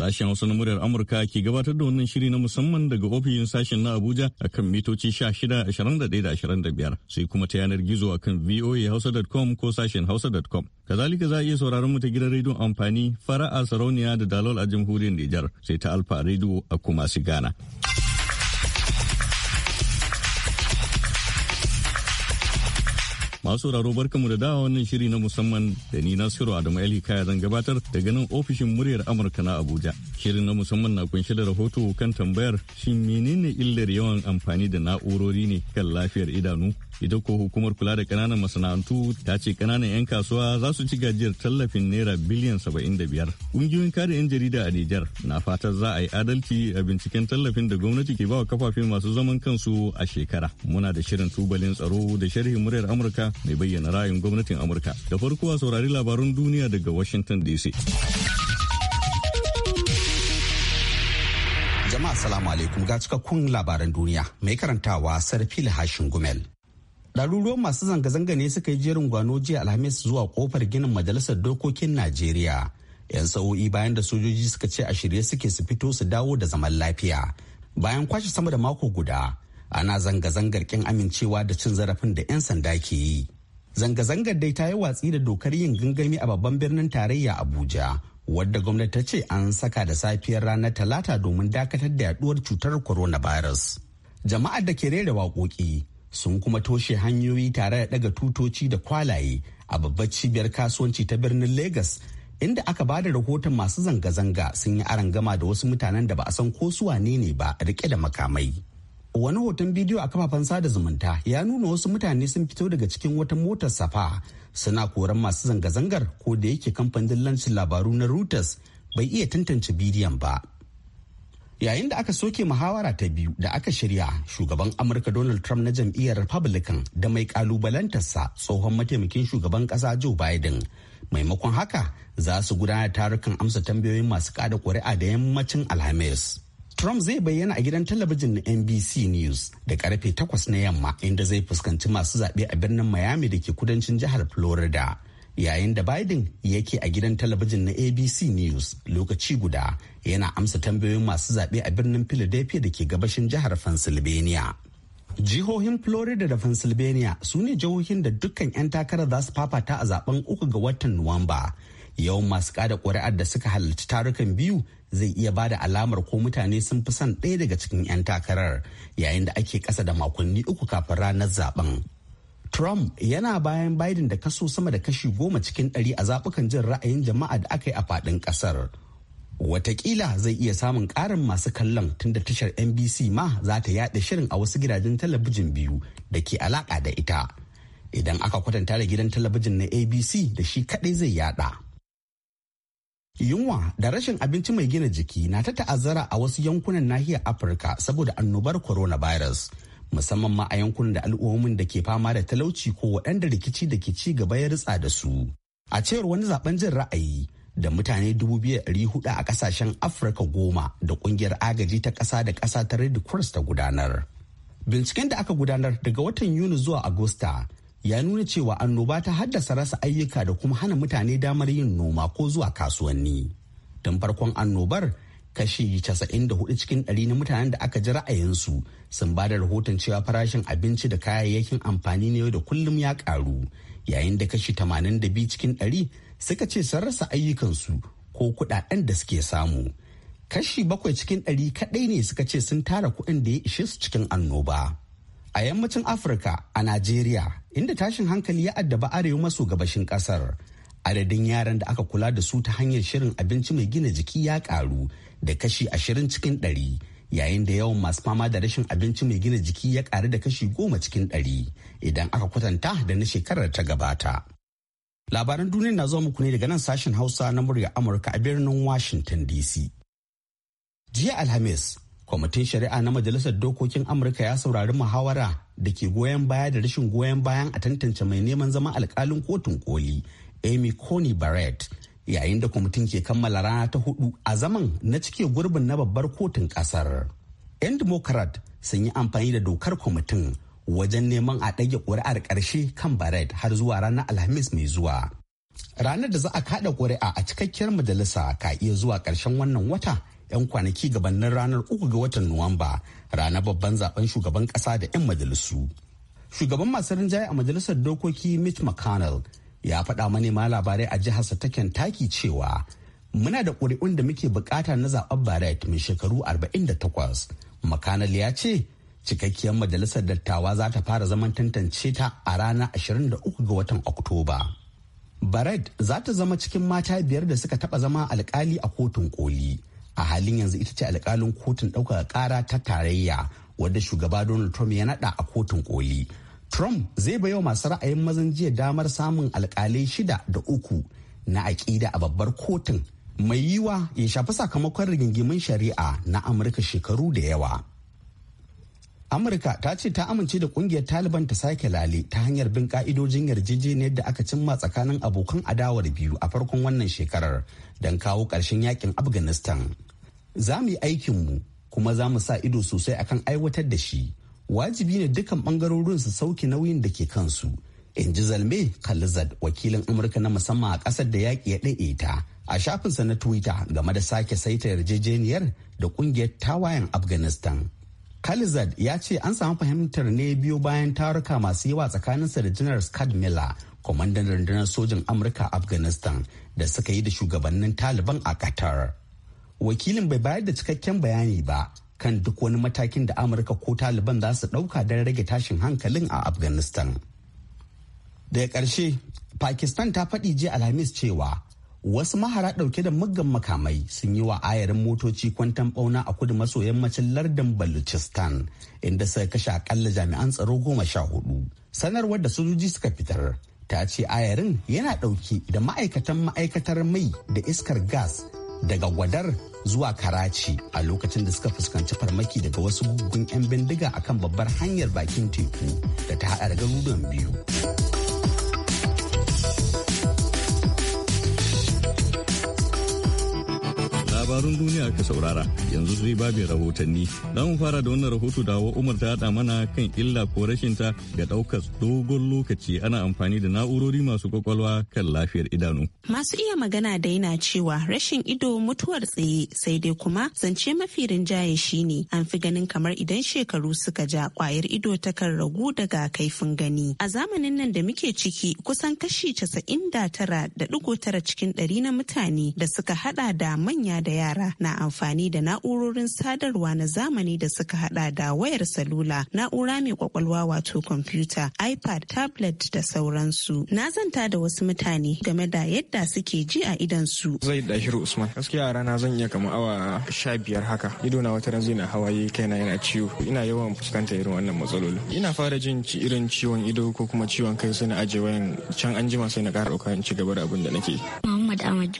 Sashen Hausa na muryar Amurka ke gabatar da wannan shiri na musamman daga ofishin sashen na Abuja a kan mitoci ashirin da biyar sai kuma ta yanar gizo a akan voahausa.com ko sashen hausa.com. Kazalika za a iya sauraron mu ta gidan rediyon amfani fara'a sarauniya da dalol a jamhuriyar Nijar sai ta alfa rediyo a kuma sigana. Masu sauraro barkamu da dawa wannan shiri na musamman da ni Nasiru Adamu Ali Kaya zan gabatar daga nan ofishin muryar Amurka na Abuja. Shirin na musamman na kunshe da rahoto kan tambayar shin menene illar yawan amfani da na'urori ne kan lafiyar idanu ita ko hukumar kula da kananan masana'antu ta ce kananan 'yan kasuwa za su ci gajiyar tallafin naira biliyan 75 ƙungiyoyin kare 'yan jarida a nijar na fatan za a yi adalci a binciken tallafin da gwamnati ke bawa kafafen masu zaman kansu a shekara muna da shirin tubalin tsaro da sharhin muryar amurka mai bayyana ra'ayin gwamnatin amurka da farko a saurari labarun duniya daga washington dc jama'a salamu alaikum ga cikakkun labaran duniya mai karantawa sarfil hashin gumel ɗaruruwan masu zanga-zanga ne suka yi jerin gwano jiya alhamis zuwa kofar ginin majalisar dokokin najeriya yan sa'o'i bayan da sojoji suka ce a shirye suke su fito su dawo da zaman lafiya bayan kwashe sama da mako guda ana zanga-zangar kin amincewa da cin zarafin da 'yan sanda ke yi zanga-zangar dai ta yi watsi da dokar yin gangami a babban birnin tarayya abuja wadda gwamnati ta ce an saka da safiyar ranar talata domin dakatar da yaduwar cutar coronavirus jama'ar da ke rera waƙoƙi sun kuma toshe hanyoyi tare da daga tutoci da kwalaye a babbar cibiyar kasuwanci ta birnin Legas inda aka ba da rahoton masu zanga-zanga sun yi gama da wasu mutanen da ba a san ko su wane ne ba rike da makamai. Wani hoton bidiyo a kafafen sada zumunta ya nuna wasu mutane sun fito daga cikin wata motar safa suna koran masu zanga-zangar ko da yake kamfanin lancin labaru na Reuters bai iya tantance bidiyon ba. yayin da aka soke muhawara ta biyu da aka shirya shugaban amurka donald trump na jam'iyyar republican da mai kalubalantarsa tsohon mataimakin shugaban kasa joe biden maimakon haka za su gudanar tarukan amsa tambayoyin masu kada kuri'a da yammacin alhamis trump zai bayyana a gidan talabijin na nbc news da karfe 8 na yamma inda zai fuskanci masu zaɓe a birnin miami da ke kudancin jihar florida yayin da Biden yake a gidan talabijin na ABC News lokaci guda yana amsa tambayoyin masu zaɓe a birnin Philadelphia da ke gabashin jihar Pennsylvania. Jihohin Florida da Pennsylvania su ne jihohin da dukkan 'yan takarar za su fafata a zaben uku ga watan Nuwamba. Yawan masu kada ƙuri'ar da suka halarci tarukan biyu zai iya bada alamar ko mutane sun fi son ɗaya daga cikin 'yan takarar yayin da ake ƙasa da makonni uku kafin ranar zaben. Trump yana bayan Biden da kaso sama da kashi goma cikin ɗari a zaɓukan jin ra'ayin jama'a da aka yi a faɗin ƙasar. Wataƙila zai iya samun ƙarin masu kallon tunda tashar NBC ma za ta yaɗa shirin a wasu gidajen talabijin biyu da ke alaƙa da ita. Idan aka kwatanta da gidan talabijin na ABC da shi kaɗai zai yaɗa. Yunwa da rashin abinci mai gina jiki na ta ta'azzara a wasu yankunan nahiyar Afirka saboda annobar coronavirus. musamman ma a yankunan da al'ummomin da ke fama da talauci ko waɗanda rikici da ke ci gaba ya ritsa da su a cewar wani zaben jin ra'ayi da mutane hudu a kasashen afirka goma da kungiyar agaji ta ƙasa da ƙasa ta red cross ta gudanar binciken da aka gudanar daga watan yuni zuwa agusta ya nuna cewa annoba ta haddasa rasa ayyuka da kuma hana mutane damar yin noma ko zuwa kasuwanni tun farkon annobar kashi 94 cikin ɗari na mutanen da aka ji ra'ayinsu sun ba da rahoton cewa farashin abinci da kayayyakin amfani na yau da kullum ya karu yayin da kashi 82 cikin ɗari suka ce sun rasa ayyukansu ko kuɗaɗen da suke samu kashi bakwai cikin ɗari kaɗai ne suka ce sun tara kuɗin da ya ishe su cikin annoba a yammacin afirka a najeriya inda tashin hankali ya addaba arewa maso gabashin kasar adadin yaran da aka kula da su ta hanyar shirin abinci mai gina jiki ya karu. da kashi ashirin cikin ɗari yayin da yawan masu fama da rashin abinci mai gina jiki ya ƙaru da kashi goma cikin ɗari idan aka kwatanta da na shekarar ta gabata. Labaran duniya na zuwa muku ne daga nan sashen Hausa na murya Amurka a birnin Washington DC. Jiya Alhamis, kwamitin shari'a na majalisar dokokin amurka ya saurari muhawara da ke goyon baya da rashin goyon bayan a tantance mai neman zama alkalin kotun koli amy coney barrett yayin da kwamitin ke kammala rana ta hudu a zaman na cike gurbin na babbar kotun kasar. 'Yan Democrat sun yi amfani da dokar kwamitin wajen neman a ɗage ƙuri'ar ƙarshe kan Barrett har zuwa ranar Alhamis mai zuwa. Ranar da za a kaɗa ƙuri'a a cikakkiyar majalisa ka iya zuwa ƙarshen wannan wata 'yan kwanaki gabanin ranar uku ga watan Nuwamba ranar babban zaben shugaban ƙasa da 'yan majalisu. Shugaban masu rinjaye a majalisar dokoki Mitch McConnell ya faɗa manema labarai a jihar ta Kentucky cewa muna da ƙuri'un da muke bukata na zaɓen Barrett mai shekaru 48. McConnell ya ce cikakkiyar majalisar dattawa za ta fara zaman tantance ta a ranar 23 ga watan Oktoba. Barrett za ta zama cikin mata biyar da suka taɓa zama alkali a kotun koli. A halin yanzu ita ce alkalin kotun ɗaukaka ƙara ta tarayya wadda shugaba Donald Trump ya naɗa a kotun koli. Trump zai bayo masu ra'ayin mazan jiya damar samun alkalai shida da uku na aƙida a babbar kotun mai yiwa ya shafi sakamakon rigingimin shari'a na Amurka shekaru da yawa. Amurka ta ce ta amince da kungiyar Taliban ta sake lale ta hanyar bin ka'idojin yarjejeniyar da aka cimma tsakanin abokan adawar biyu a farkon wannan shekarar don kawo ƙarshen yakin Afghanistan. Za mu yi aikinmu kuma za mu sa ido sosai akan aiwatar da shi. wajibi ne dukkan bangarorin su sauke nauyin da ke kansu in ji zalme khalizad wakilin amurka na musamman a kasar da yaƙi ya ɗaya ta a shafinsa na twitter game da sake saita yarjejeniyar da kungiyar tawayen afghanistan khalizad ya ce an samu fahimtar ne biyo bayan taruka masu yawa tsakaninsa da janar scott miller kwamandan rundunar sojin amurka a afghanistan da suka yi da shugabannin taliban a qatar wakilin bai bayar da cikakken bayani ba kan duk wani matakin da amurka ko taliban za su ɗauka don rage tashin hankalin a afghanistan daga ƙarshe pakistan ta faɗi jiya alhamis cewa wasu mahara ɗauke da muggan makamai sun yi wa ayarin motoci kwantan ɓauna a kudu maso yammacin lardin baluchistan inda suka kashe akalla jami'an tsaro goma sha hudu sanarwar da sojoji suka fitar ta ce ayarin yana ɗauke da ma'aikatan ma'aikatar mai da iskar gas daga gwadar zuwa karaci a lokacin da suka fuskanci farmaki daga wasu gugun 'yan bindiga akan babbar hanyar bakin teku da ta haɗa garuruwan biyu. labarun duniya ka saurara yanzu sai babin rahotanni za mu fara da wannan rahoto da umar ta haɗa mana kan illa ko rashin ta ga ɗaukar dogon lokaci ana amfani da na'urori masu kwakwalwa kan lafiyar idanu. masu iya magana da yana cewa rashin ido mutuwar tsaye sai dai kuma zance mafi rinjaye shine an fi ganin kamar idan shekaru suka ja kwayar ido takan ragu daga kaifin gani a zamanin nan da muke ciki kusan kashi casa'in da tara da digo tara cikin ɗari na mutane da suka hada da manya da yara na amfani da na'urorin sadarwa na zamani da suka hada da wayar salula, na'ura mai kwakwalwa wato kwamfuta, iPad, tablet da sauransu. Na zanta da wasu mutane game da yadda suke ji a idan su. Zai dashiru Usman. Gaskiya rana zan iya kama awa sha biyar haka. Ido na wata ran zai na hawaye kaina yana ciwo. Ina yawan fuskantar irin wannan matsaloli. Ina fara jin irin ciwon ido ko kuma ciwon kai sai na aje wayan can an jima sai na ƙara ɗauka in ci gaba da abin da nake. Muhammad Ahmad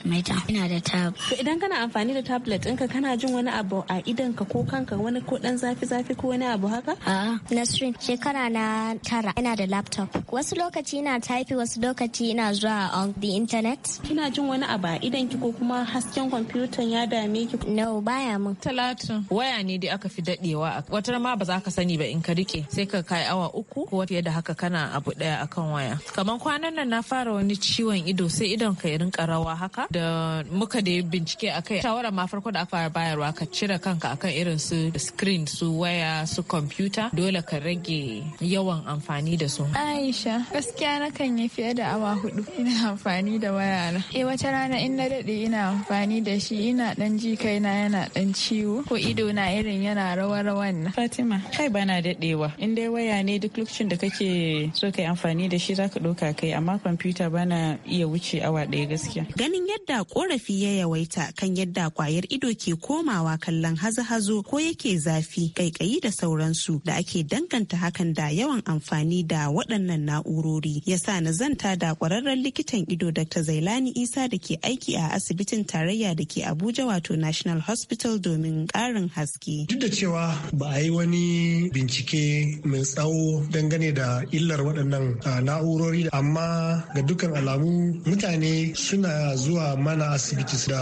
Ina da tab. Idan kana amfani amfani da tablet ɗinka kana jin wani abu a idanka ko kanka wani ko dan zafi zafi ko wani abu haka? na Nasrin shekara na tara yana da laptop. Wasu lokaci ina type wasu lokaci ina zuwa on the internet. Kina jin wani abu a idanki ko kuma hasken kwamfutan ya dame ki? No, baya mun. Talatu, waya ne dai aka fi dadewa. Watar ma ba za ka sani ba in ka rike sai ka kai awa uku ko wata da haka kana abu daya akan waya. kamar kwanan nan na fara wani ciwon ido sai idon ka irin rawa haka da muka da bincike akai shawara ma farko da fara bayarwa ka cire kanka akan irin su screen su waya su computer dole ka rage yawan amfani da su. Aisha gaskiya na kan yi fiye da awa hudu ina amfani da waya na. Eh wata rana in na daɗe ina amfani da shi ina dan ji na yana dan ciwo ko ido na irin yana rawa-rawan na. Fatima kai bana daɗewa in dai waya ne duk lokacin da kake so kai amfani da shi zaka ɗauka kai amma computer bana iya wuce awa ɗaya gaskiya. Ganin yadda korafi ya yawaita kan yadda da kwayar ido ke komawa kallon hazo-hazo ko yake zafi kaikayi da sauransu da ake danganta hakan da yawan amfani da waɗannan na'urori ya sa na zanta da kwararren likitan ido dr zailani isa da ke aiki a asibitin tarayya da ke abuja wato national hospital domin ƙarin haske duk da cewa ba a yi wani bincike mai tsawo dangane da illar waɗannan na'urori amma ga dukkan alamu mutane suna zuwa mana asibiti da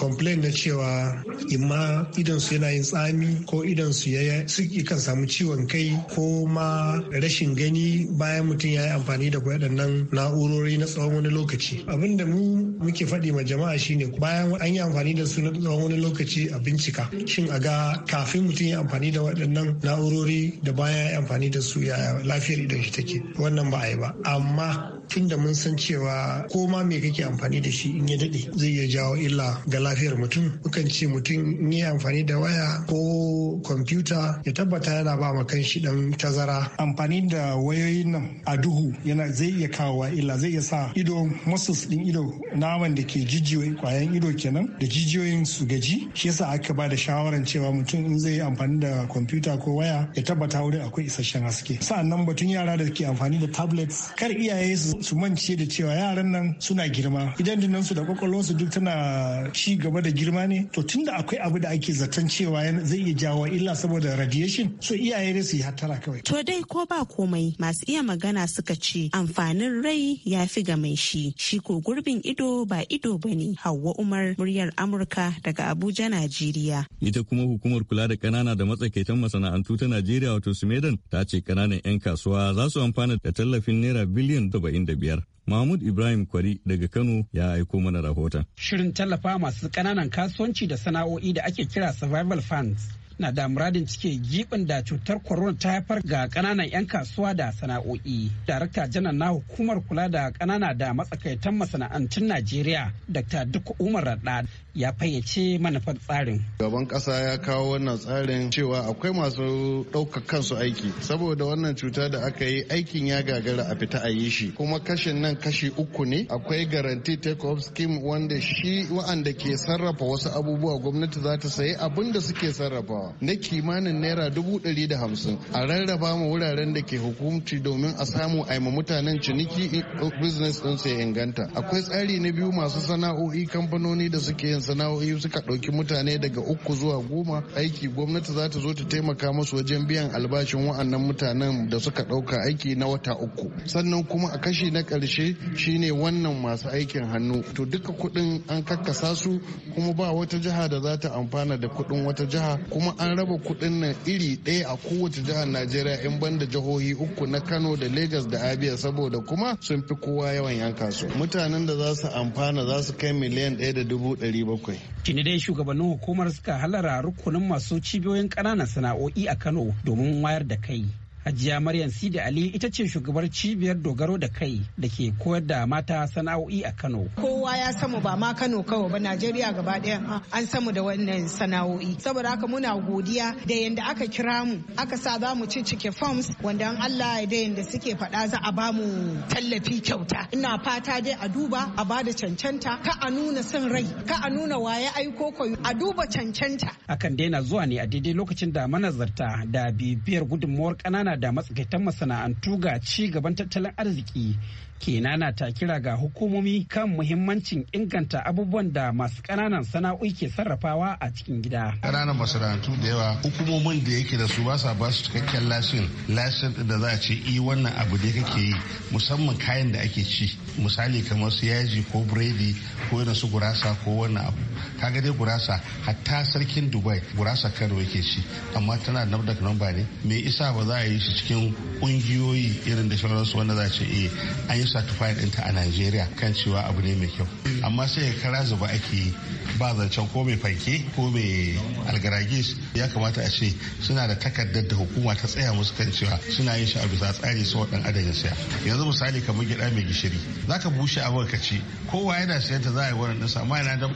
complain complain na cewa imma idan su yana yin tsami ko idan su ya kan samu ciwon kai ko ma rashin gani bayan mutum ya yi amfani da waɗannan na'urori na tsawon wani lokaci abin da mu muke faɗi ma jama'a shine bayan an yi amfani da su na tsawon wani lokaci a bincika shin a ga kafin mutum ya amfani da waɗannan na'urori da bayan ya yi amfani da su ya lafiyar idon shi take wannan ba a yi ba amma tun da mun san cewa ko ma me kake amfani da shi in ya daɗe zai iya jawo illa ga lafiyar lafiyar mutum mukan ce mutum in amfani da waya ko kwamfuta ya tabbata yana ba ma kanshi dan tazara amfani da wayoyin nan a duhu yana zai iya kawowa illa zai iya sa ido muscles din ido naman da ke jijiyoyi kwayan ido kenan da jijiyoyin su gaji shi yasa aka ba da shawaran cewa mutum in zai amfani da kwamfuta ko waya ya tabbata wurin akwai isasshen haske sa'annan batun yara da ke amfani da tablets kar iyaye su mance da cewa yaran nan suna girma idan dinnan su da kwakwalwarsu duk tana ci gaba da girma ne to tunda akwai abu da ake zaton cewa zai iya jawo illa saboda radiation so iyaye ne su yi hattara kawai to dai ko ba komai masu iya magana suka ce amfanin rai ya fi ga mai shi shi ko gurbin ido ba ido ba ne, Hauwa Umar muryar Amurka daga Abuja Najeriya ita kuma hukumar kula da kanana da matsakaitan masana'antu ta Najeriya wato Sumedan ta ce kananan 'yan kasuwa za su amfana da tallafin naira biliyan 75 Mahmud Ibrahim Kwari daga Kano ya aiko mana rahoton. Shirin tallafa masu ƙananan kasuwanci da sana'o'i da ake kira survival funds na da muradin cike gibin da cutar corona ta haifar ga ƙananan 'yan kasuwa da sana'o'i. Darakta janar na hukumar kula da ƙanana da matsakaitan masana'antun Najeriya, Dr. Duk Umar Radda ya fayyace manufar tsarin. Gaban ƙasa ya kawo wannan tsarin cewa akwai masu ɗaukar kansu aiki saboda wannan cuta da aka yi aikin ya gagara a fita a yi shi kuma kashin nan kashi uku ne akwai garanti take off scheme wanda shi wa'anda ke sarrafa wasu abubuwa gwamnati za ta sayi abin da suke sarrafawa na kimanin naira dubu ɗari da hamsin a rarraba ma wuraren da ke hukumci domin a samu a ma mutanen ciniki eh, business ɗin sai inganta akwai tsari na biyu masu sana'o'i kamfanoni da suke yin sana'o'i suka ɗauki mutane daga uku zuwa goma aiki gwamnati za ta zo ta taimaka musu wajen biyan albashin wa'annan mutanen da suka ɗauka aiki na wata uku sannan kuma a kashi na ƙarshe shine wannan masu aikin hannu to duka kuɗin an kakkasa su kuma ba wata jiha da za ta amfana da kuɗin wata jiha kuma an raba kuɗin nan iri ɗaya a kowace jihar najeriya in banda jihohi uku na kano da lagos da abia saboda kuma sun fi kowa yawan yan kasuwa mutanen da za su amfana za su kai miliyan ɗaya da dubu ɗari bakwai. Tuni dai shugabannin hukumar suka halara rukunin masu cibiyoyin ƙananan sana'o'i a Kano domin wayar da kai. Hajiya Maryam Sidi Ali ita ce shugabar cibiyar dogaro da kai da ke koyar da mata sana'o'i a Kano. Kowa ya samu ba ma Kano kawai ba Najeriya gaba ɗaya an samu da wannan sana'o'i. Saboda haka muna godiya da yanda aka kira mu aka sa za mu cike forms wanda an Allah da yanda suke faɗa za a ba mu tallafi kyauta. Ina fata dai a duba a ba da cancanta ka a nuna son rai ka a nuna waye aiko koyo a duba cancanta. Akan daina zuwa ne a daidai lokacin da manazarta da bibiyar gudunmuwar ƙanana yana da matsakaitan masana'antu ga ci gaban tattalin arziki kena na ta kira ga hukumomi kan muhimmancin inganta abubuwan da masu ƙananan sana'o'i ke sarrafawa a cikin gida. kananan masana'antu da yawa hukumomin da yake da su ba sa ba su cikakken lashin lashin da za a ce i eh, wannan abu da kake yi musamman kayan da ake ci misali kamar su yaji ko biredi ko yana su gurasa ko wannan abu kaga dai gurasa hatta sarkin dubai gurasa kano yake ci amma tana da da namba ne me isa ba za a yi shi cikin kungiyoyi irin da sauransu wanda za a ce eh an yi certified ɗinta a nigeria kan cewa abu ne mai kyau amma sai kara zuba ake yi ba zancen ko mai fanke ko mai algaragis ya kamata a ce suna da takardar da hukuma ta tsaya musu kan cewa suna yin shi a bisa tsari sau dan adadin saya yanzu misali kamar gida mai gishiri zaka bushe abu ka ci kowa yana sayanta za a yi wannan ɗinsa amma yana da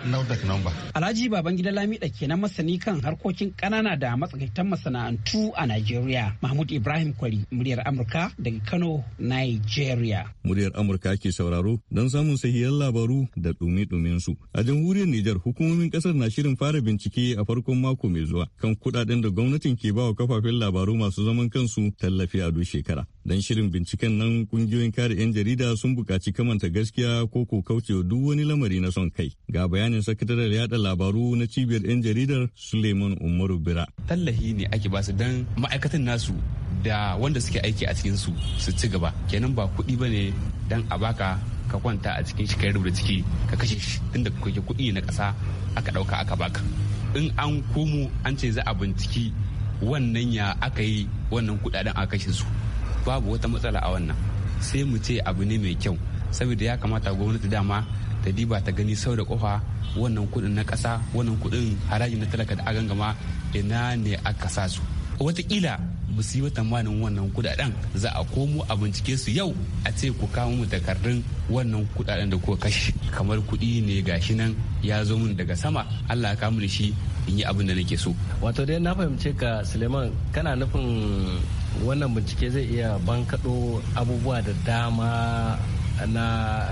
namba Alhaji Babangida Lamida kenan masani kan harkokin ƙanana da matsakaitan masana'antu a Najeriya. Mahmud Ibrahim Kwari, muryar Amurka daga Kano, Nigeria. Muryar Amurka ke sauraro don samun sahihan labaru da dumi-dumin su. A jamhuriyar Nijar, hukumomin kasar na shirin fara bincike a farkon mako mai zuwa kan kudaden da gwamnatin ke bawa kafafen labaru masu zaman kansu tallafi a duk shekara. Don shirin binciken nan kungiyoyin kare 'yan jarida sun buƙaci kamanta gaskiya ko ko kaucewa duk wani lamari na son kai. Ga bayanin sakataren yada labaru na cibiyar 'yan jaridar Suleiman Umaru Bira. Tallahi ne ake basu dan ma'aikatan nasu da wanda suke aiki a cikin su su ci gaba. Kenan ba kuɗi ba ne don a baka ka kwanta a cikin shi ka rubuta ciki ka kashe shi tunda kuke kuɗi na kasa aka ɗauka aka baka. In an komo an ce za a binciki wannan ya aka yi wannan kuɗaɗen a kashe su. Babu wata matsala a wannan. Sai mu ce abu ne mai kyau saboda ya kamata gwamnati dama ta diba ta gani sau da kofa wannan kudin na kasa wannan kudin haraji na talaka da gangama ina ne aka sa su watakila ba su wannan kudaden za a komo a bincike su yau a ce ku kawo mu takardun wannan kudaden da kuka kashe kamar kudi ne gashi nan ya zo min daga sama allah ya kamu da shi in yi abin da nake so wato dai na fahimce ka suleiman kana nufin wannan bincike zai iya bankaɗo abubuwa da dama na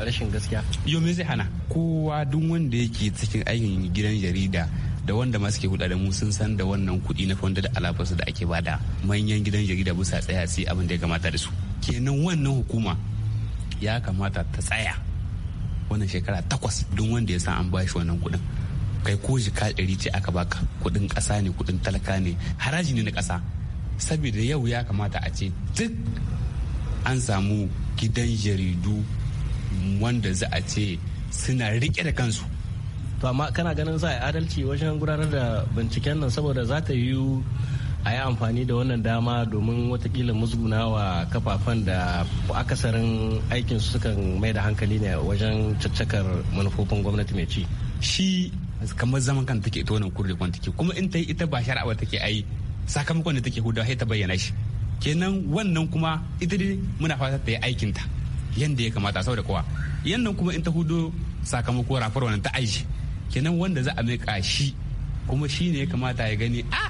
rashin gaskiya yo me zai hana kowa duk wanda yake cikin aikin gidan jarida da wanda ma suke hulɗa da mu sun san da wannan kuɗi na fonda da alafarsu da ake bada manyan gidan jarida bisa tsaya sai abin da ya kamata da su kenan wannan hukuma ya kamata ta tsaya wannan shekara takwas don wanda ya san an ba shi wannan kuɗin kai ko jika ɗari ce aka baka kuɗin ƙasa ne kuɗin talaka ne haraji ne na ƙasa saboda yau ya kamata a ce duk an samu gidan jaridu wanda za a ce suna rike da kansu to amma kana ganin za a adalci wajen gudanar da binciken nan saboda za ta yiwu a yi amfani da wannan dama domin watakila musguna wa kafafen da akasarin aikin su sukan mai da hankali ne wajen caccakar manufofin gwamnati mai ci shi kamar zaman kan take ita wannan kurle kwan take kuma in ta yi ita ba shari'a take ai sakamakon da take hudawa sai ta bayyana shi kenan wannan kuma ita dai muna fata ta yi aikinta yadda ya kamata sau da kowa yannan kuma in ta hudo sakamako rafar wannan ta aji kenan wanda za a miƙa shi kuma shi ne ya kamata ya gani a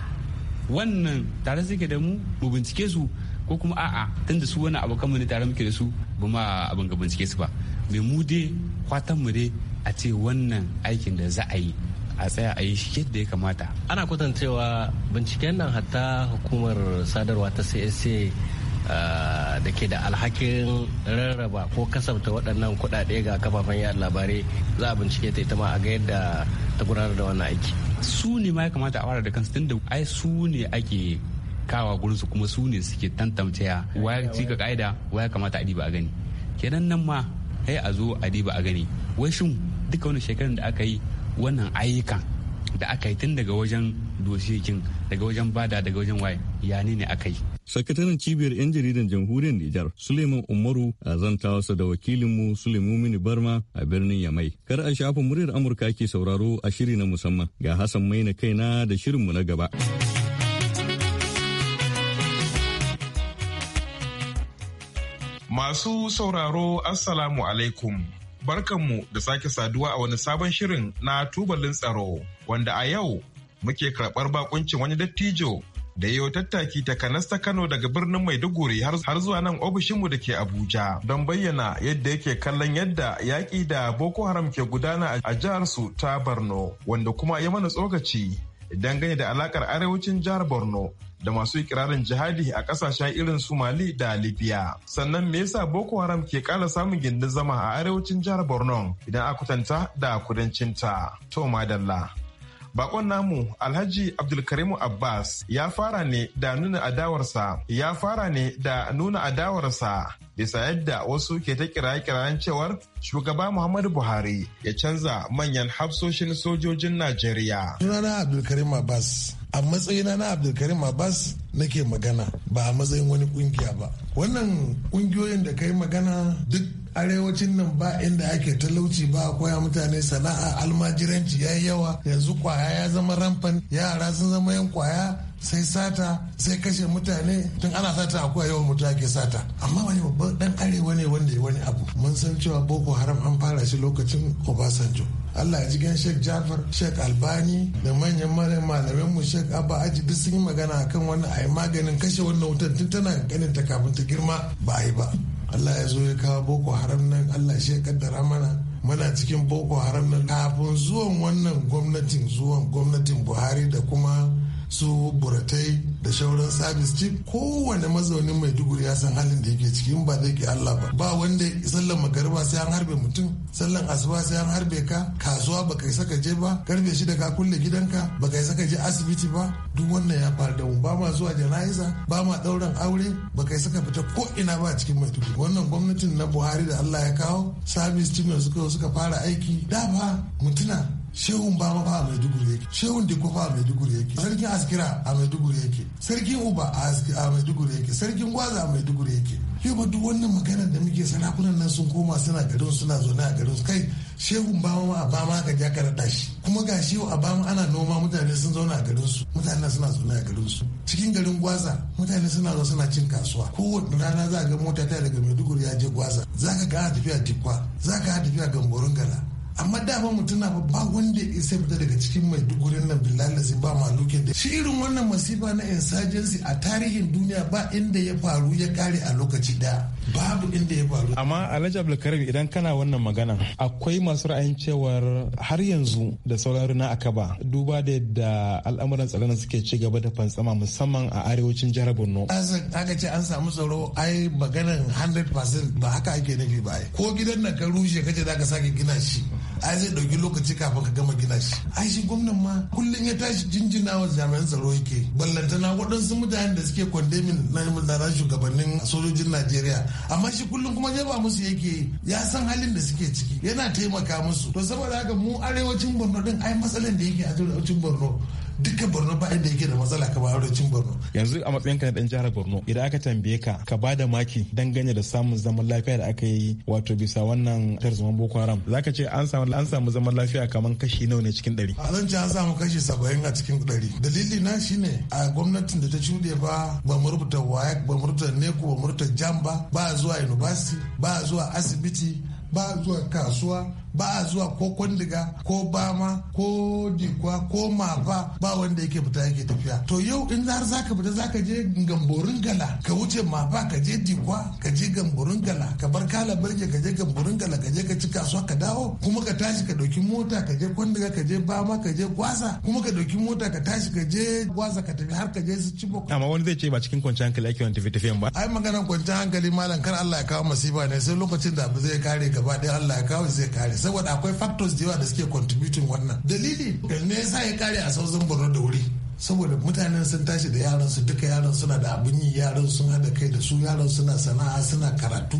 wannan tare suke da mu mu bincike su ko kuma a'a tunda su wani abokan mu ne tare muke da su ba ma abin ga bincike su ba mai mu dai kwatan mu dai a ce wannan aikin da za a yi a tsaya a yi shi yadda ya kamata ana kwatancewa binciken nan hatta hukumar sadarwa ta csa da ke da alhakin rarraba ko kasafta waɗannan kuɗaɗe ga kafafen yada labarai za a bincike ta ita ma a ga yadda ta gudanar da wannan aiki su ne ma ya kamata a wara da kansu tun da ai su ne ake kawa gurin su kuma su ne suke tantance ya ci ga ka'ida waya kamata a diba a gani kenan nan ma kai a zo a diba a gani wai shin duka wani shekarun da aka yi wannan ayyukan da aka yi tun daga wajen dosikin daga wajen bada daga wajen waye ya ne aka yi. Sakataren cibiyar 'yan jaridan jamhuriyar Nijar Suleiman Umaru a zantawarsa da wakilinmu Suleiman Mini Barma a birnin Yamai. Kar a shafa muryar Amurka ke sauraro a shiri na musamman ga Hassan Maina na da shirinmu na gaba. Masu sauraro Assalamu alaikum. barkanmu da sake saduwa a wani sabon shirin na tubalin tsaro wanda a yau muke karɓar bakuncin wani dattijo da yau tattaki ta kanasta Kano daga birnin Maiduguri har zuwa nan ofishinmu da ke Abuja don bayyana yadda yake kallon yadda yaƙi da Boko Haram ke gudana a jihar su ta Borno wanda kuma ya mana tsokaci dangane da alakar arewacin jihar Borno da masu ikirarin jihadi a kasashen irin su Mali da Libya. Sannan me yasa Boko Haram ke kara samun gindin zama a arewacin jihar Borno idan a kutanta da kudancin ta. To madalla. Bakon namu Alhaji Abdulkarimu Abbas ya fara ne da nuna adawarsa, ya fara ne da nuna adawarsa bisa yadda wasu ke ta kiraye-kirayen cewar shugaba Muhammadu Buhari ya canza manyan hafsoshin sojojin Najeriya. Sunana Abdulkarim Abbas a matsayina na abdulkarim abbas nake magana ba a matsayin wani kungiya ba wannan kungiyoyin da ka yi magana duk arewacin nan ba inda ake talauci ba koya mutane sana'a almajiranci ya yi yawa yanzu kwaya ya zama ramfan yara sun zama yan kwaya sai sata sai kashe mutane tun ana sata akwai yawan mutu ake sata amma wani babban dan arewa ne wanda ya wani abu mun san cewa boko haram an fara shi lokacin obasanjo Allah ya ji gan Sheikh Jafar Sheikh Albani da manyan malamai mu Sheikh Abba Aji duk sun yi magana akan wannan a maganin kashe wannan wutar tun tana ganin ta kafin ta girma ba a yi ba Allah ya zo ya kawo Boko Haram nan Allah shi ya kaddara mana muna cikin Boko Haram nan kafin zuwan wannan gwamnatin zuwan gwamnatin Buhari da kuma su buratai da shauran sabis chief kowane mazaunin maiduguri ya san halin da yake cikin ba zai ke allah ba ba wanda sallan magariba sai an harbe mutum sallan asuba sai an harbe ka kasuwa ba kai saka je ba karfe shi da ka kulle gidanka ba kai saka je asibiti ba duk wannan ya faru da mu ba ma zuwa jana'iza ba ma dauran aure ba kai saka fita ko ina ba cikin maiduguri wannan gwamnatin na buhari da allah ya kawo sabis chief yanzu suka fara aiki da ba mutuna shehun ba fa a maiduguri yake shehun dikko fa a maiduguri yake sarkin askira a maiduguri yake sarkin uba a maiduguri yake sarkin gwaza a maiduguri yake yau duk wannan maganar da muke sarakunan nan sun koma suna garin suna zaune a garin kai shehun bama ma a bama ka ja karada shi kuma ga shi a bama ana noma mutane sun zauna a garin su mutane suna zaune a garin su cikin garin gwaza mutane suna zo suna cin kasuwa kowace rana za ga mota ta daga maiduguri ya je gwaza za ka ga tafiya tikwa. za ka tafiya gamborin gala amma da ba mutum na ba wanda ya isa fita daga cikin mai dugurin nan billahi ba maluke da shi irin wannan masifa na insurgency a tarihin duniya ba inda ya faru ya kare a lokaci daya babu inda ya faru amma alhaji abdulkarim idan kana wannan magana akwai masu ra'ayin cewar har yanzu da sauran runa Akaba. duba da yadda al'amuran tsaron suke ci gaba da fantsama musamman a arewacin jihar borno aka ce an samu tsaro ai maganar 100% ba haka ake nufi ba ko gidan nan ka rushe kace za ka sake gina shi ai zai dauki lokaci kafin ka gama gina shi ai shi gwamnan ma kullum ya tashi jinjina wa jami'an tsaro yake ballantana waɗansu mutanen da suke kwandemin na shugabannin sojojin najeriya amma shi kullum kuma ya ba musu yake ya san halin da suke ciki yana taimaka musu to saboda haka mu arewacin borno din ai matsalar da yake a arewacin borno dukkan borno ba inda yake da matsala kamar cin borno yanzu a matsayin ka na dan jihar borno idan aka tambaye ka ka ba da maki dangane da samun zaman lafiya da aka yi wato bisa wannan tarzoman boko haram ka ce an samu zaman lafiya kamar kashi nawa ne cikin ɗari a zan ce an samu kashi saba'in a cikin ɗari dalili na ne a gwamnatin da ta shuɗe ba ba mu rubuta waya ba mu rubuta neko ba mu rubuta jam ba ba zuwa university ba zuwa asibiti ba zuwa kasuwa ba a zuwa ko kwandiga ko bama ko dikwa ko mafa ba wanda yake fita yake tafiya to yau in har ka fita za ka je gamborin gala ka wuce mafa ka je dikwa ka je gamborin gala ka bar kala birge ka je gamborin gala ka je ka ci kasuwa ka dawo kuma ka tashi ka dauki mota ka je kwandiga ka je bama ka je Gwaza. kuma ka dauki mota ka tashi ka je Gwaza ka tafi har ka je su ci amma wani zai ce ba cikin kwanciyar hankali ake wani tafi tafiyan ba ai maganar kwanciyar hankali malam kar Allah ya kawo masifa ne sai lokacin da abu zai kare gaba ɗaya Allah ya kawo zai kare saboda akwai factors da yawa da suke contributing wannan dalili me yasa ya kare a sauran borno da wuri saboda mutanen sun tashi da yaran su duka yaran suna da abin yi yaran sun hada kai da su yaran suna sana'a suna karatu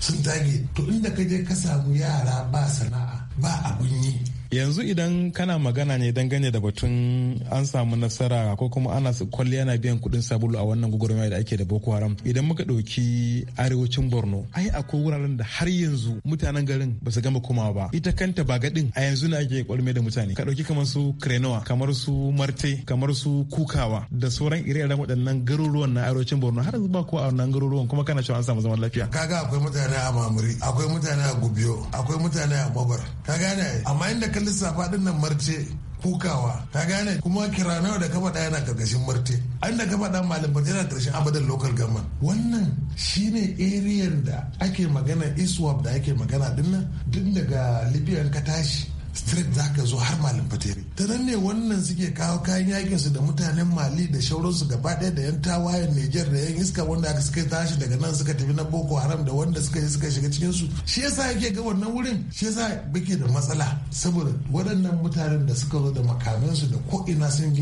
sun tage to inda ka je ka samu yara ba sana'a ba abin yi yanzu idan kana magana ne dangane da batun an samu nasara ko kuma ana kwalli yana biyan kudin sabulu a wannan gwagwarmaya da ake da boko haram idan muka ɗauki arewacin borno ai akwai wuraren da har yanzu mutanen garin ba su gama komawa ba ita kanta ba gadin a yanzu ne ake kwalme da mutane ka ɗauki kamar su krenowa kamar su marte kamar su kukawa da sauran ire-iren waɗannan garuruwan na arewacin borno har yanzu ba ko a wannan garuruwan kuma kana cewa an samu zaman lafiya kaga akwai mutane a mamuri akwai mutane a gubiyo akwai mutane a babar ka gane amma inda ka lissafa din nan marce kukawa ta gane kuma kira nawa da kafa ɗaya yana karkashin marte an da kafa ɗan malam barci yana abadan local government wannan shine area da ake magana iswap da ake magana din nan daga libya ka tashi straight za ka zo har malin fatere ta nan ne wannan suke kawo kayan yakin su da mutanen mali da shauransu gaba ɗaya da yan tawayen niger da yan iska wanda aka suka tashi daga nan suka tafi na boko haram da wanda suka yi suka shiga cikin su shi yasa yake ga wannan wurin shi yasa muke da matsala saboda waɗannan mutanen da suka zo da su da ko ina sun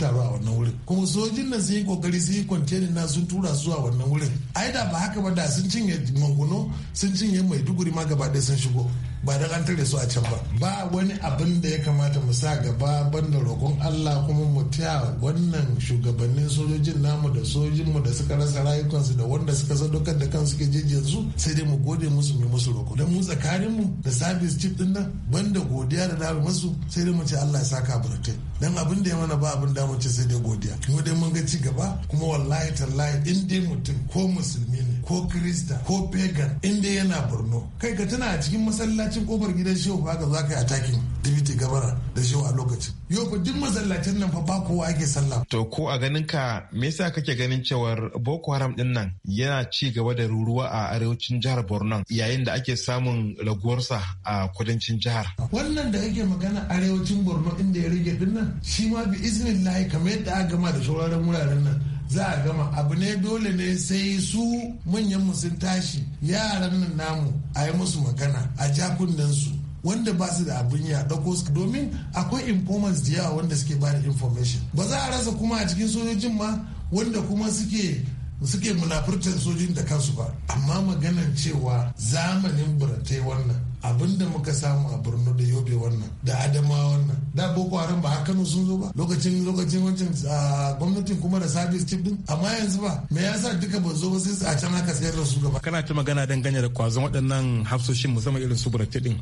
taru a wannan wurin kuma sojin nan sun yi kokari sun yi kwantenin na sun tura su zuwa wannan wurin aida ba haka ba da sun cinye manguno sun cinye maiduguri ma gaba ɗaya sun shigo ba da an tare su a can ba ba wani abin da ya kamata mu sa gaba banda roƙon Allah kuma mu taya wannan shugabannin sojojin namu da sojojin da suka rasa rayukansu da wanda suka sadaukar da kansu ke jejjen su sai dai mu gode musu mu musu roƙo dan mu tsakanin mu da sabis chief din nan banda godiya da dare musu sai dai mu ce Allah ya saka burtai dan abin da ya mana ba abin da mu ce sai dai godiya kuma dai mun ga ci gaba kuma wallahi tallahi in dai mutum ko musulmi ko krista ko pagan inda yana borno kai ka tana a cikin masallacin kofar gidan shehu ba ka za ka yi atakin dimiti gabara da shehu a lokacin yau ba duk masallacin nan fa ba kowa ake sallah. to ko a ganin ka me yasa kake ganin cewa boko haram din nan yana ci gaba da ruruwa a arewacin jihar borno yayin da ake samun raguwarsa a kudancin jihar. wannan da kake magana arewacin borno inda ya rage din nan shi ma bi iznillahi kamar yadda aka gama da sauraron wuraren nan za a gama abu ne dole ne sai su manyan sun tashi yaran nan namu a yi musu magana a ja su wanda ba su da abin ya dauko su domin akwai informants da yawa wanda suke bada information ba za a rasa kuma a cikin sojojin ma wanda kuma suke suke munafurtar sojin da kansu ba amma maganar cewa zamanin buratai wannan abinda muka samu a birnin da yobe wannan da adama wannan da boko haram ba kano sun zo ba lokacin lokacin wancan gwamnatin kuma da sabis tip din amma yanzu ba me yasa duka ba zo ba sai a can aka sayar da su gaba kana ta magana dangane da kwazon waɗannan hafsoshin musamman irin su burati din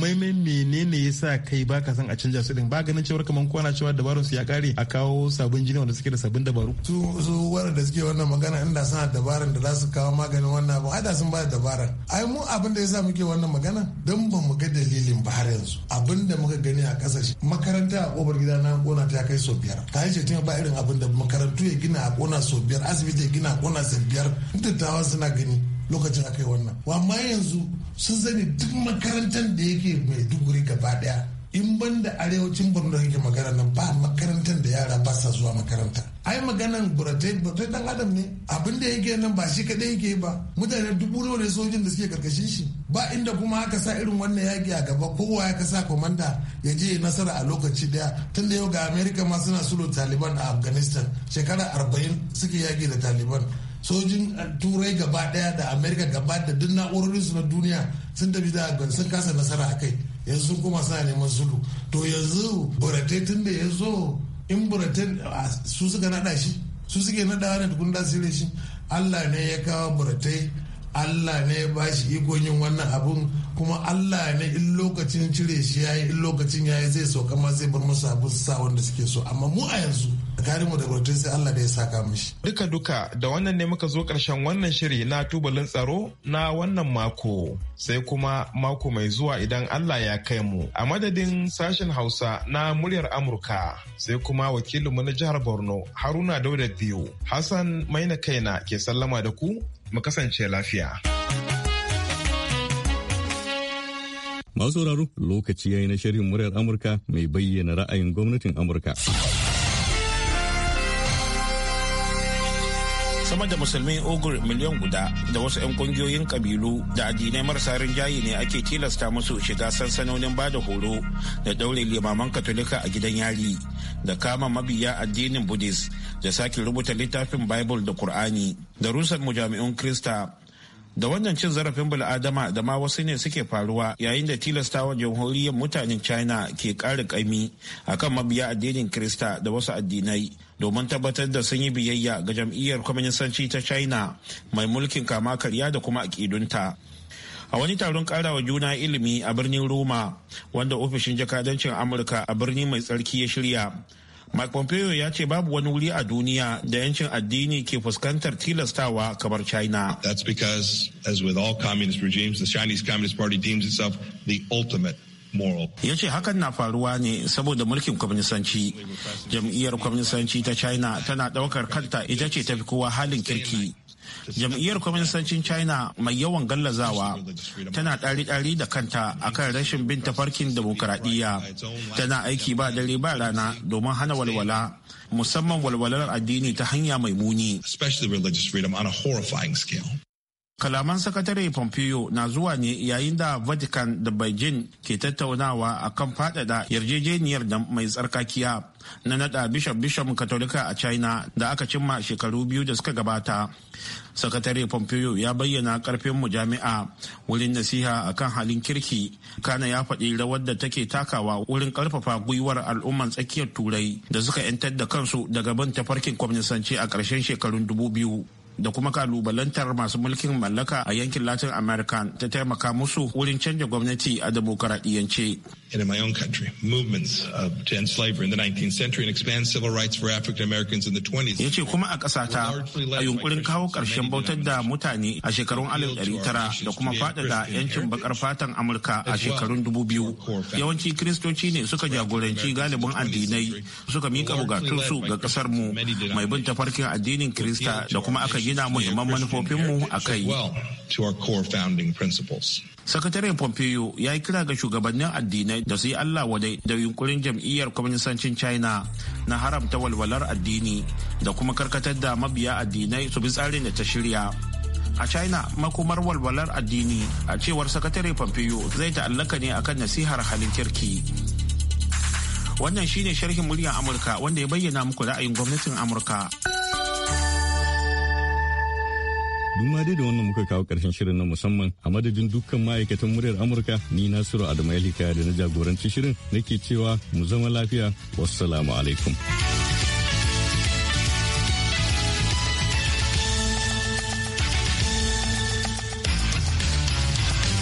mai menene yasa kai ba ka san a canja su din ba ganin cewar kaman kwana cewa dabarun su ya kare a kawo sabon jini wanda suke da sabbin dabaru su su wanda suke wannan magana inda suna dabarun da za su kawo maganin wannan ba. hada sun ba da dabara ai mu abin da yasa muke wannan magana don ba mu ga dalilin ba har yanzu abin da muka gani a kasashe makaranta a kofar gida na kona ta kai sau biyar ta yi ce ba irin abin da makarantu ya gina a kona sau biyar asibiti ya gina a kona sau biyar dattawa suna gani lokacin a kai wannan amma yanzu sun sani duk makarantar da yake mai duguri gaba daya in ban da arewacin borno da magana nan ba makarantar da yara ba sa zuwa makaranta ai maganan buratai buratai dan adam ne abin da yake nan ba shi kadai yake ba mutane dubu nawa ne sojin da suke karkashin shi ba inda kuma aka sa irin wannan yaki a gaba kowa ya sa komanda ya je nasara a lokaci daya tun da yau ga america ma suna sulhu taliban a afghanistan shekara arba'in suke yaki da taliban sojin uh, turai gaba daya da america gaba da duk na'urorinsu na duniya sun tafi da sun kasa nasara a kai yanzu kuma sa neman zulu to yanzu buratai tun da ya zo in buratai su suka nada shi su suke nada wani tukun da sire shi allah ne ya kawo buratai allah ne ya ba shi ikon yin wannan abun kuma allah ne in lokacin cire shi ya yi in lokacin ya yi zai sauka ma zai bar musu abun sa wanda suke so amma mu a yanzu da sai Allah da ya saka mishi. Duka duka da wannan ne muka zo ƙarshen wannan shiri na tubalin tsaro na wannan mako. Sai kuma mako mai zuwa idan Allah ya kai mu. A madadin sashen Hausa na muryar Amurka sai kuma wakilinmu na jihar Borno Haruna Dauda biyu. Hassan Maina Kaina ke sallama da ku mu kasance lafiya. Masu sauraro lokaci ya yi na shirin muryar Amurka mai bayyana ra'ayin gwamnatin Amurka. sama da musulmi ogur miliyan guda da wasu 'yan kungiyoyin kabilu da addinai marasa rinjaye ne ake tilasta musu shiga sansanonin bada horo da daure limaman katolika a gidan yari da kama mabiya addinin buddhist da sake rubuta littafin bible da kur'ani da rusa mujami'un krista da wannan cin zarafin bil'adama da ma wasu ne suke faruwa yayin da tilastawa jamhuriyar mutanen china ke ƙara ƙaimi akan mabiya addinin krista da wasu addinai domin tabbatar da sun yi biyayya ga jam'iyyar kwaminisanci ta china mai mulkin kama karya da kuma akidunta. a wani taron karawa juna ilimi a birnin roma wanda ofishin jakadancin amurka a birni mai tsarki ya shirya Mike Pompeo ya ce babu wani wuri a duniya da yancin addini ke fuskantar tilastawa kamar China. That's because, as with all communist regimes, the Chinese Communist Party deems itself the ultimate ya ce hakan na faruwa ne saboda mulkin kwamnisanci jam'iyyar kwamnisanci ta china tana daukar kanta ita ce tafi kowa halin kirki jam'iyyar kwaminsancin china mai yawan gallazawa tana ɗari-ɗari da kanta a kan rashin bin tafarkin demokuraɗiyya tana aiki ba dare ba rana domin hana walwala musamman walwalar addini ta hanya mai muni Kalaman sakatare Pompeo na zuwa ne yayin da Vatican da Beijing ke tattaunawa a kan faɗaɗa yarjejeniyar da mai tsarkakiya na nada bishop bishop katolika a China da aka cimma shekaru biyu da suka gabata. Sakatare Pompeo ya bayyana ƙarfin mujami'a wurin nasiha a kan halin kirki, kana ya faɗi rawar da take takawa wurin karfafa gwiwar al'ummar tsakiyar Turai da suka 'yantar da kansu daga bin tafarkin kwamnisanci a karshen shekarun dubu biyu. da kuma kalubalantar masu mulkin mallaka a yankin latin america ta taimaka musu wurin canja gwamnati a demokaradiyance In my own country, movements of to slavery in the 19th century and expand civil rights for African Americans in the 20s. Yace kuma a ƙasata a yunkurin kawo ƙarshen bautar da mutane a shekarun 1900 da kuma faɗaɗa 'yancin bakar fatan Amurka a shekarun 2000. Yawanci Kiristoci ne suka jagoranci galibin addinai suka miƙa bukatunsu ga ƙasar mu mai bin tafarkin addinin Kirista da kuma aka yi. gina muhimman manufofinmu a kai. Sakataren Pompeo ya yi kira ga shugabannin addinai da su yi Allah wadai da yunkurin jam'iyyar kwaminisancin China na haramta walwalar addini da kuma karkatar da mabiya addinai su bi tsarin da ta shirya. A China makomar walwalar addini a cewar sakatare Pompeo zai ta'allaka ne akan nasihar halin kirki. Wannan shine sharhin muryar Amurka wanda ya bayyana muku ra'ayin gwamnatin Amurka. Duk ma dai da wannan muka kawo ƙarshen shirin na musamman a madadin dukkan ma'aikatan muryar Amurka ni Nasiru Adamu Yalika da na jagoranci shirin nake cewa mu zama lafiya wassalamu alaikum.